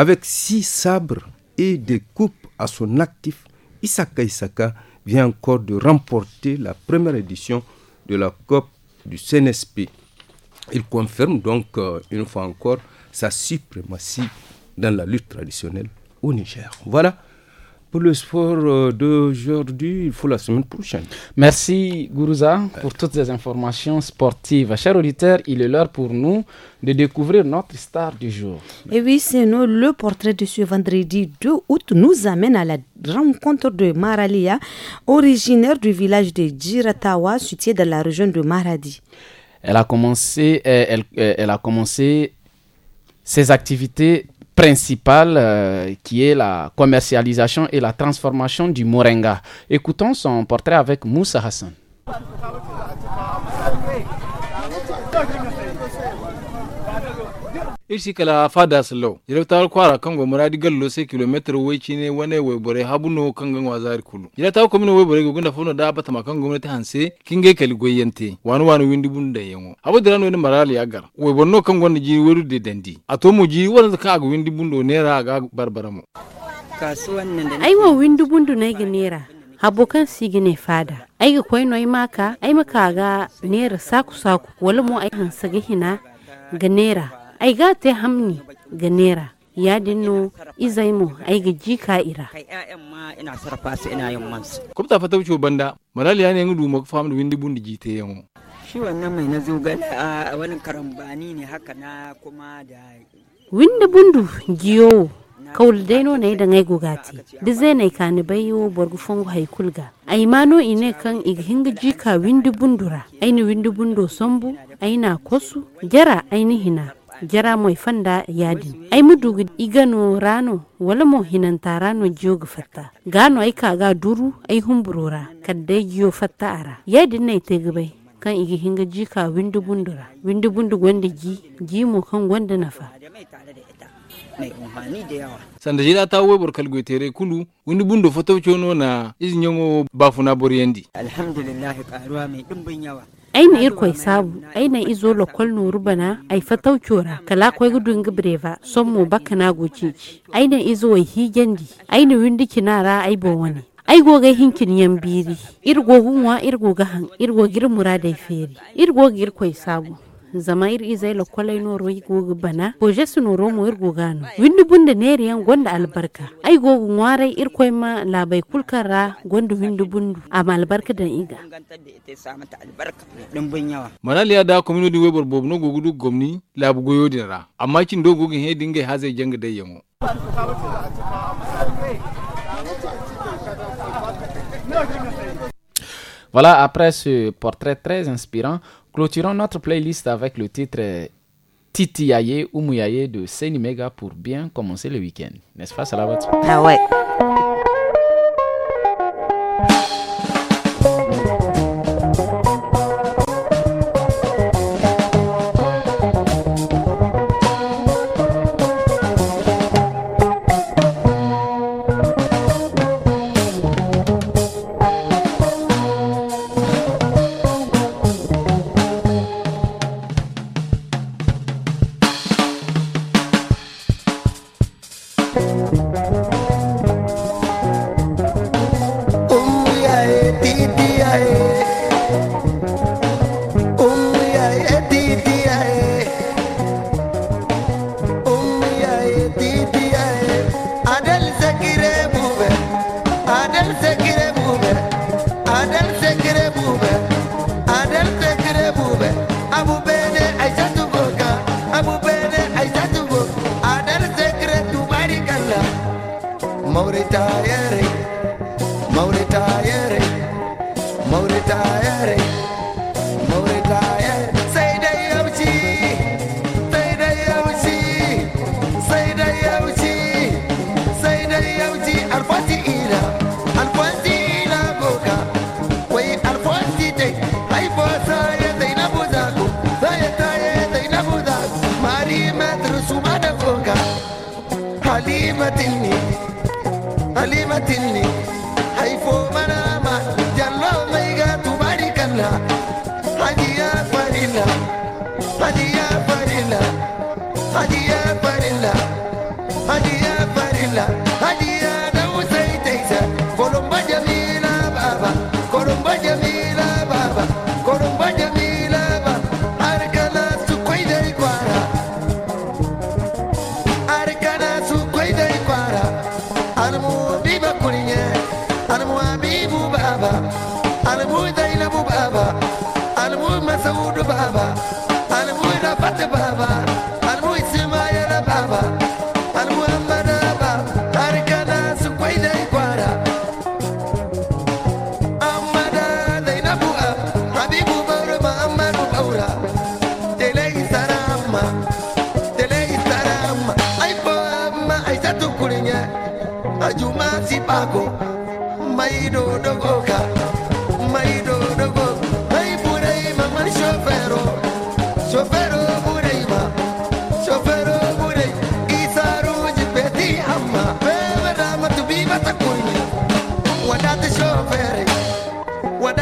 Avec six sabres et des coupes à son actif, Isaka Isaka vient encore de remporter la première édition de la COP du CNSP. Il confirme donc euh, une fois encore sa suprématie dans la lutte traditionnelle au Niger. Voilà pour le sport euh, d'aujourd'hui, il faut la semaine prochaine. Merci Gourouza pour toutes ces informations sportives. Chers auditeurs, il est l'heure pour nous de découvrir notre star du jour. Et oui, c'est nous. Le portrait de ce vendredi 2 août nous amène à la rencontre de Maralia, originaire du village de Jiratawa, situé dans la région de Maradi. Elle a commencé, euh, euh, elle a commencé ses activités Principale, euh, qui est la commercialisation et la transformation du moringa. Écoutons son portrait avec Moussa Hassan. irsi kala fada salo jirata kwara kango muradi gallo se kilometer waici ne wane waibore habuno kangan zari kulu jirata komino waibore gugunda fono da bata makan gwamnati hanse kinge kali goyente wani wani windi bun da yango abu dirano wani marali agar waiborno kan gwanda ji weru de dandi atomo ji wanda ka ga windi bundo nera aga barbaramo kasuwan nan aiwa windi bundo na ga nera si gine fada ai ga kwai noi maka ai maka ga nera saku saku wala mu ai hansa ga hina ga nera ai ga ta hamni ga nera ya dinno izai mu ai ga jika ira kai ƴaƴan ma ina sarrafa su ina yin mansu fata wuce banda malali ya ne ngudu maka famu windi bundi jite yamu shi wannan mai na zogale a wani karambani ne haka na kuma da windi bundu giyo kawul daino nai da ngai gugati da zai na kani borgu borgufon haikulga ai mano ine kan ighinga jika windi bundura aini windi bundo sombu aina kosu jara aini hina jara moy fanda yadin ay mudugu ra no wala mo hinanta jiyo ga fatta no ay ga duru ay kala day jiyo fatta ara yadin nay tegubai kan igi hinga jika windu bundura windu bundu gwanda ji ji mo kan gwanda nafa mai amfani gonda yawa. Sanda jida ta wai burkal tere kulu windi bundo fotocono na izin yango bafuna boriyandi. Alhamdulillah karuwa mai dimbin aina irkoi sabu aina izo lokol noru bana ai fatau cora kala koi gudun gibreva sommo baka na goceji aina izo wai higendi aina windi kinara ai bo wani ai goga hinkin yan biri irgo hunwa irgo gahan irgo girmura da feri irgo girkoi sabu zama ir izai la kwalai no roi gogu bana boje su romo ir gogano windu bunda neri yan gonda albarka ai gogu ngwarai ir koi ma labai kulkara gonda windu bundu ama albarka dan iga malaliya da community webar bob no gogudu gomni labu goyo dinara amma kin do gogin he dinga hazai janga dai yamo Voilà, après ce portrait très inspirant, Clôturons notre playlist avec le titre Titiaye ou Mouyaye de Seni Mega pour bien commencer le week-end. N'est-ce pas, Salavat Ah ouais. amore italiano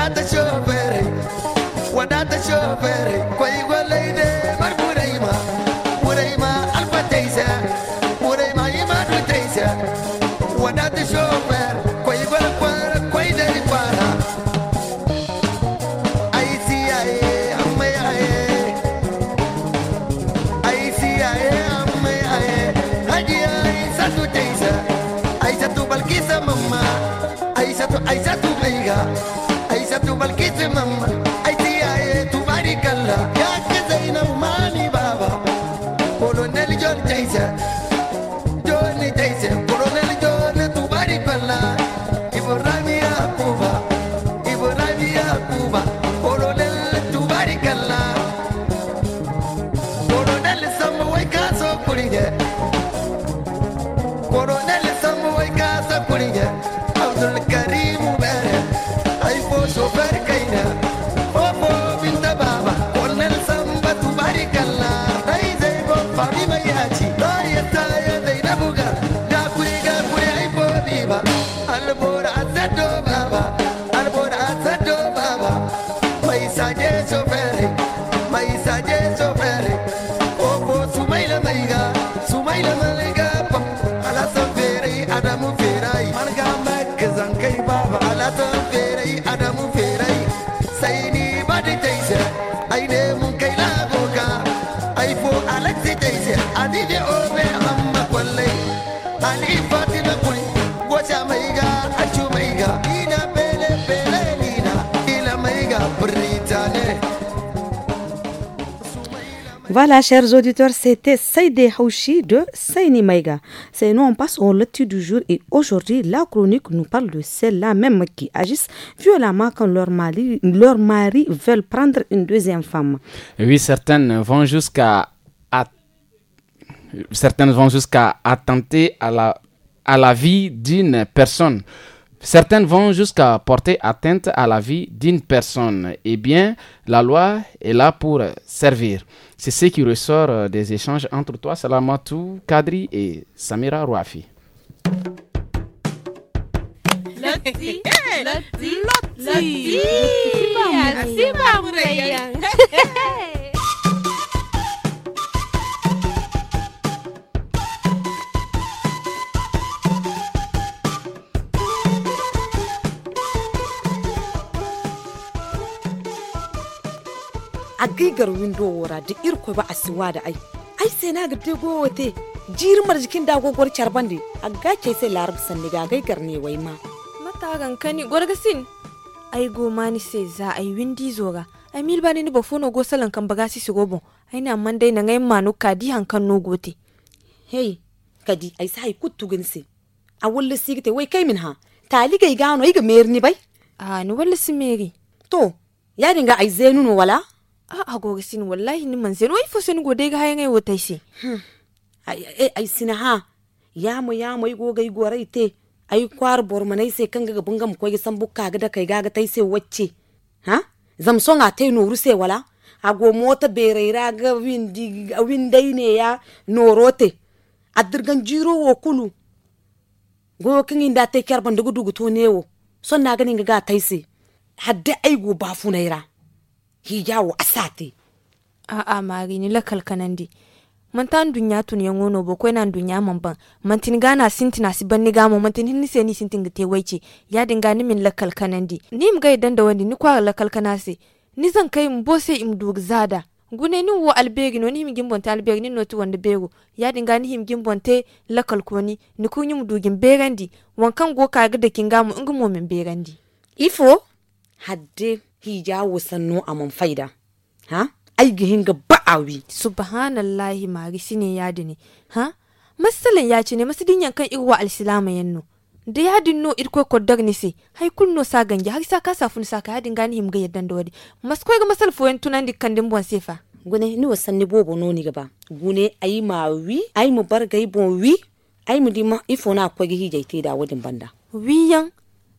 at the shore. chers auditeurs, c'était Saïdé Haouchi de Saini Maïga. C'est nous, on passe au lecture du jour et aujourd'hui, la chronique nous parle de celles-là même qui agissent violemment quand leur mari, leur mari veulent prendre une deuxième femme. Oui, certaines vont jusqu'à certaines vont jusqu'à attenter à la, à la vie d'une personne. Certaines vont jusqu'à porter atteinte à la vie d'une personne. Eh bien, la loi est là pour servir. C'est ce qui ressort euh, des échanges entre toi, Salamatou Kadri et Samira Rouafi. a gaigar windo da irko ba a siwa da ai ai sai na ga dego wate jirmar jikin dagogwar carban da a gake sai larab sanni ga gaigar ne wai ma ganka kani gorgasin ai goma ni sai za ai windi zora ai mil ba ni ba fono go salan kan baga si gobo ai na man dai na ngai manu kadi hankan no gote hey kadi ai sai kuttu ginsi a wulle sigite wai kai min ha tali gai gano ai ga merni bai a ni wulle si meri to ya dinga ai zenu no wala Ah, a gobe sin wallahi ni man sen wai fo sen go dega hayen wo tai se hmm. ai ai sina ha ya mu ya mu goga i gorai te ai kwar bor manai se kan ga bungam ko gi san bukka ga da kai ga ga tai wacce ha zam so na tai noru se wala a go mota bereira ga windi windai ne ya norote a dirgan jiro wo kulu go kin inda tai kyar ban dugu to newo son na ganin ga ga tai se hadda ai go ba funaira hi a sati. a'a mari ni la kalkanandi mantan dunya tun yan ngono bo ko nan dunya ban mantin gana sintina si banni gamo mantin hinni se ni sintin gite waice ya dinga ni min la di. ni mga idan danda wani ni kwa la se ni zan kai mbo se im dug zada gune ni wo albegi no ni him gimbonte albegi ni noti wanda bego ya dinga ni him gimbonte la kalkoni ni kunyi mu dugin begandi wankan go kaga da kingamu ingumo min begandi ifo hadde hijawo sannu a man faida ha aigihin ga ba'awi subhanallahi mari shine yadi ne ha masalin ya ce ne masidin yankan irwa alsilama yanno da yadin no irko kodar ni se hai kunno sa gange har sa ka safun sa ka yadin gani ga yaddan da wadi maskoi ga masal foyen tunan dikkan din bon sefa gune ni wasan ni bobo no ni gaba gune ayi ma wi ayi mu bar gai bon wi ayi mu dima ifo na kwagi hijai te da wadin banda wiyan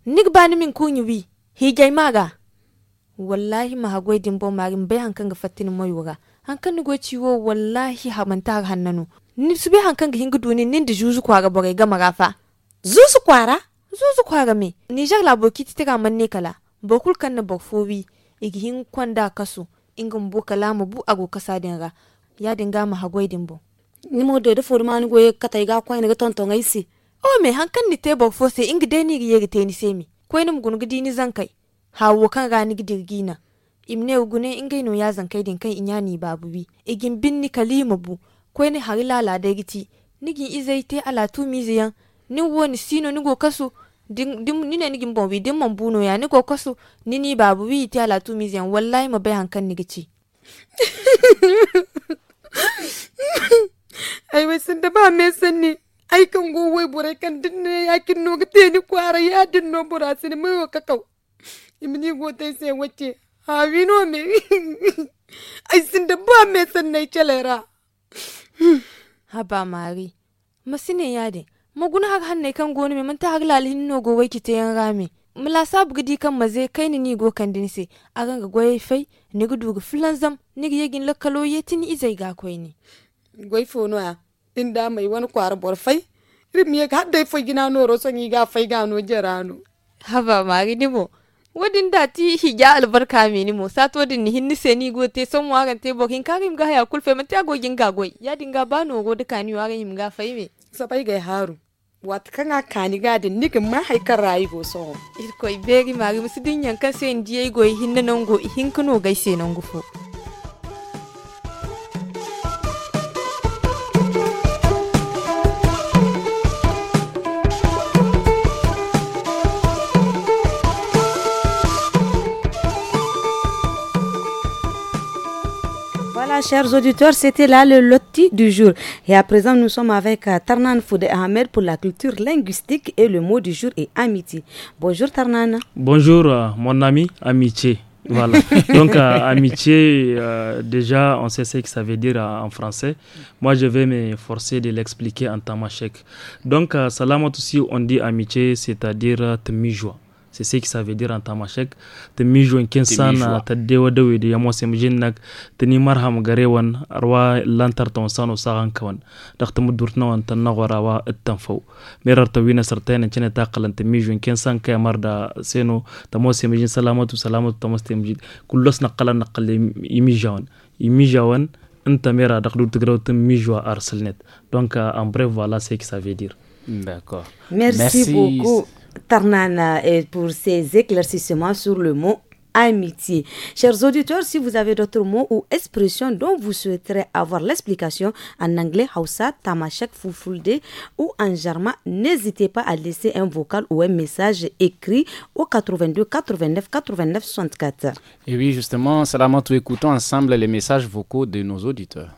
nik ba ni min kunyi wi hijai maga wallahi ma ha goydin bo marin bai hankan ga fattin moy waga hankan ni goci wo wallahi ha manta hannanu ni su bai hankan ga hinga duni nin da juzu kwara bare ga marafa zuzu kwara zuzu kwara me ni jar la boki tira man ne kala bokul kan na bofowi igi hin kwanda kasu ingin bo kala mu bu ago kasa din ga ya dinga ma ha goydin dimbo ni mo do da forma ni ka katai ga kwai ni ga ngai si o oh me hankan ni te bofo sai ingi dai ni ga yegi te ni semi koy ni mugun gidi ni zankai hawo kan ranig dirgina imne ugune ingaino ya zanka din kan inyani bi igin binni kalima bu koyni har lala da giti nigi izai te ala tu miziyan ni woni sino go kasu ni ne nigin bombi din man buno ya go kasu babu babubi te ala tu miziyan wallahi ma bai hankan nigici (laughs) ai wai sun da ba me sanni ai kan go wai bure kan dinne yakin no gite ni kwara ya no bura sini mai wa kakau imini gote se wace hawino me (laughs) ai sin da ba me sannai calera (sighs) haba mari masine yade magun har hannai kan goni me ta har lalihin no go wai te yan rami mula sabu gidi kan maze kai ni go kan dinse a ganga goye fai ni gudu ga filan zam ni ga yagin lakalo yetin izai ga koi ni goy no ya din da mai wani kwar bor fai rim ye ga dai fai gina no ro son ga fai ga no jerano haba mari ni mo wadin da ti higya albarka meni mo sato din ni hinni seni go te son waran te bokin karim ga ya kulfe man ta gin ga goy ya ga bano go duka ni wa him ga fai me sabai ga haru wat ka kani ga din nigin ma kan rayi go so ir koy beri mari musidin kan sen diye go hinna non go hin kuno non fo chers auditeurs, c'était là le loti du jour. Et à présent, nous sommes avec euh, Tarnan Foudé Ahmed pour la culture linguistique et le mot du jour est amitié. Bonjour Tarnan. Bonjour euh, mon ami, amitié. Voilà. (laughs) Donc, euh, amitié, déjà, on sait ce que ça veut dire en français. Moi, je vais me forcer de l'expliquer en tamashek. Donc, salam aussi, on dit amitié, c'est-à-dire mi-joie. C'est ce que ça veut dire en tamashek. Te mijo ken à ta dewa dawe de yamo sem jinnak te ni marham garewan arwa lantar ton sano sagan kawan. Dak te na wan tan nagwara wa ittanfo. Merar ta wina chene ta qalan te mijo ken san marda seno ta mo sem jin salamatu salamatu ta mo sem jin. Kullos naqalan naqal imijawan. Imijawan انت ميرا دقدو تقراو تم ميجوا Donc en bref voilà ce سي ça veut dire. D'accord. Merci beaucoup. Tarnana pour ses éclaircissements sur le mot amitié. Chers auditeurs, si vous avez d'autres mots ou expressions dont vous souhaiterez avoir l'explication en anglais, Hausa, Tamashek, Fufulde ou en germain, n'hésitez pas à laisser un vocal ou un message écrit au 82 89 89 64. Et oui, justement, tout écoutons ensemble les messages vocaux de nos auditeurs.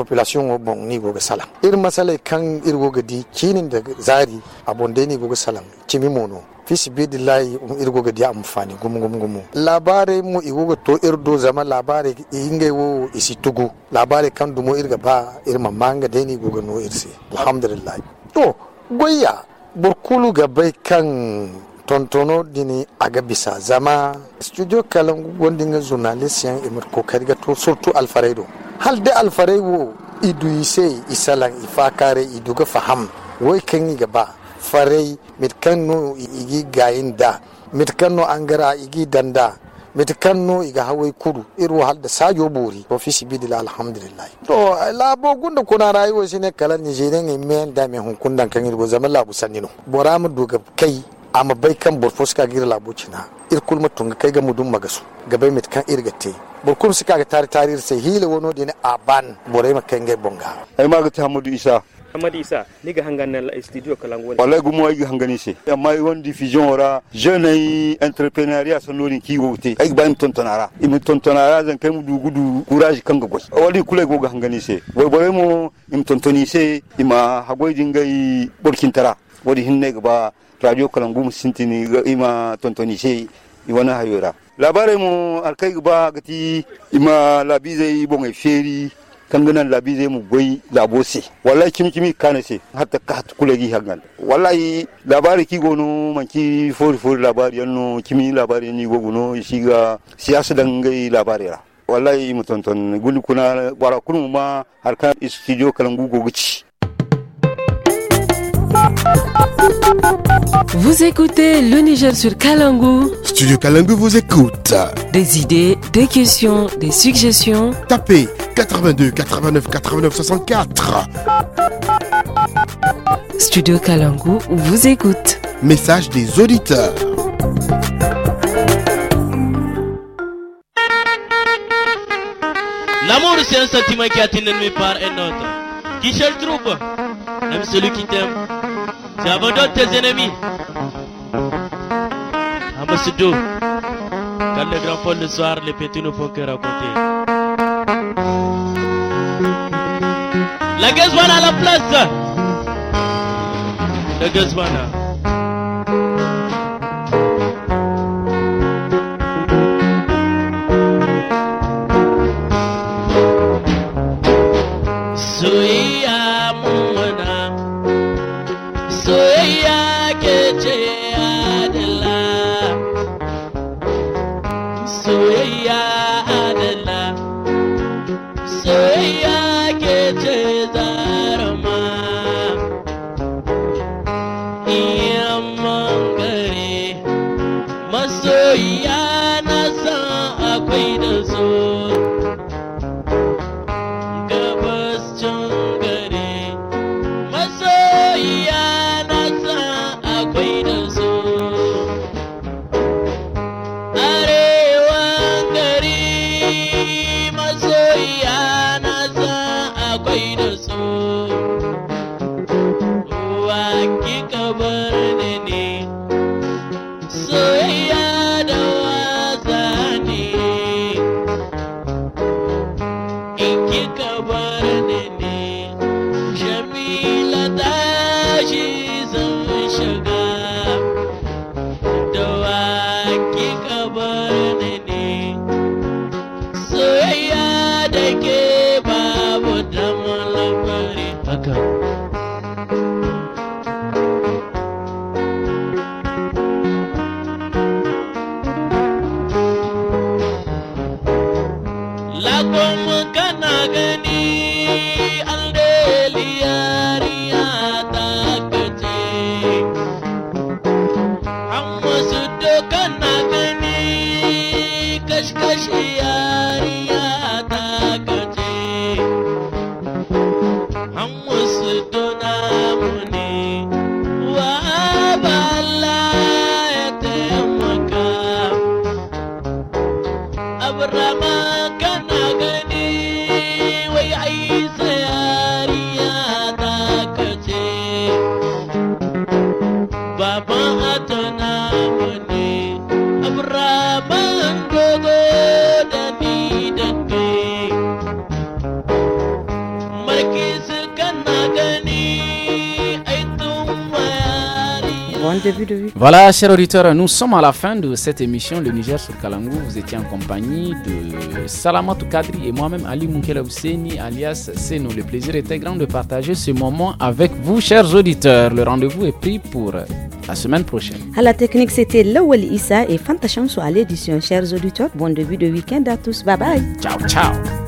population o bon ni goga salam ir masala kan ir goga di kinin da zari abonde ni goga salam kimi mono fisi bi dillahi um ir goga di amfani gum gum gum labare mu i goga to ir do zama labare inge wo isi tugu labare kan dumo ir ba ir mamanga de ni goga no irsi alhamdulillah to goya burkulu gabe kan tontono dini aga bisa zama studio kalan wondinga journalist yan imir kokari ga to surtu alfaredo hal da alfaredo idu ise isalan ifakare idu ga faham wai kan yi gaba farai mitkanno igi gayin da mitkanno an gara igi danda mitkanno iga hawai kudu iru hal da sajo bori to fi alhamdulillah to labo gunda kuna rayuwa shine kalan ni jeren men da me dan kan yi zaman labu sanino bora mu duga kai ama bai kan burfo suka gira labucina ir kulma tunga kai ga mudun magasu gabai mit kan irga te burkum suka ga tari tari sai hila wono dine aban borai makan gai bonga ai ma ga mudu isa Hamad Isa ni ga hangana la studio kalangu wani. Wallahi gumo ga hangani se. Amma wani division ora jeune entrepreneuria son noni ki wote. Ai ba tontonara. Im tontonara zan kai mu dugudu courage kan ga gos. Wali kula go ga hangani se. Wai bare mu im tontoni se ima hagoi dingai burkin tara. Wadi hinne ga ba radio kalangum sintini ima tontoni sei iwana hayora labare mo alkai ba gati ima labize ibonge feri kangana labize mu goyi labose wallahi kimkimi kana se hatta ka kulegi hagan wallahi labare ki gono manki fori fori labare yanno kimi labare ni gogono isiga siyasa dangai labare ra wallahi mutonton gulu kuna bara kunu ma harkan studio kalangu gogici Vous écoutez le Niger sur Kalangou. Studio Kalangou vous écoute. Des idées, des questions, des suggestions. Tapez 82 89 89 64. Studio Kalangou vous écoute. Message des auditeurs. L'amour, c'est un sentiment qui par un autre. Qui celui qui t'aime tu abandonnes tes ennemis. Amosidou, ah, quand le grand fond le soir, les petits ne font que raconter. La Gazwana à la place. La Gazwana. Voilà, chers auditeurs, nous sommes à la fin de cette émission Le Niger sur Kalangou. Vous étiez en compagnie de Salama Kadri et moi-même Ali Moukela alias Seno. Le plaisir était grand de partager ce moment avec vous, chers auditeurs. Le rendez-vous est pris pour la semaine prochaine. À la technique, c'était Lawal Issa et Fantachamso à l'édition. Chers auditeurs, bon début de week-end à tous. Bye bye. Ciao, ciao.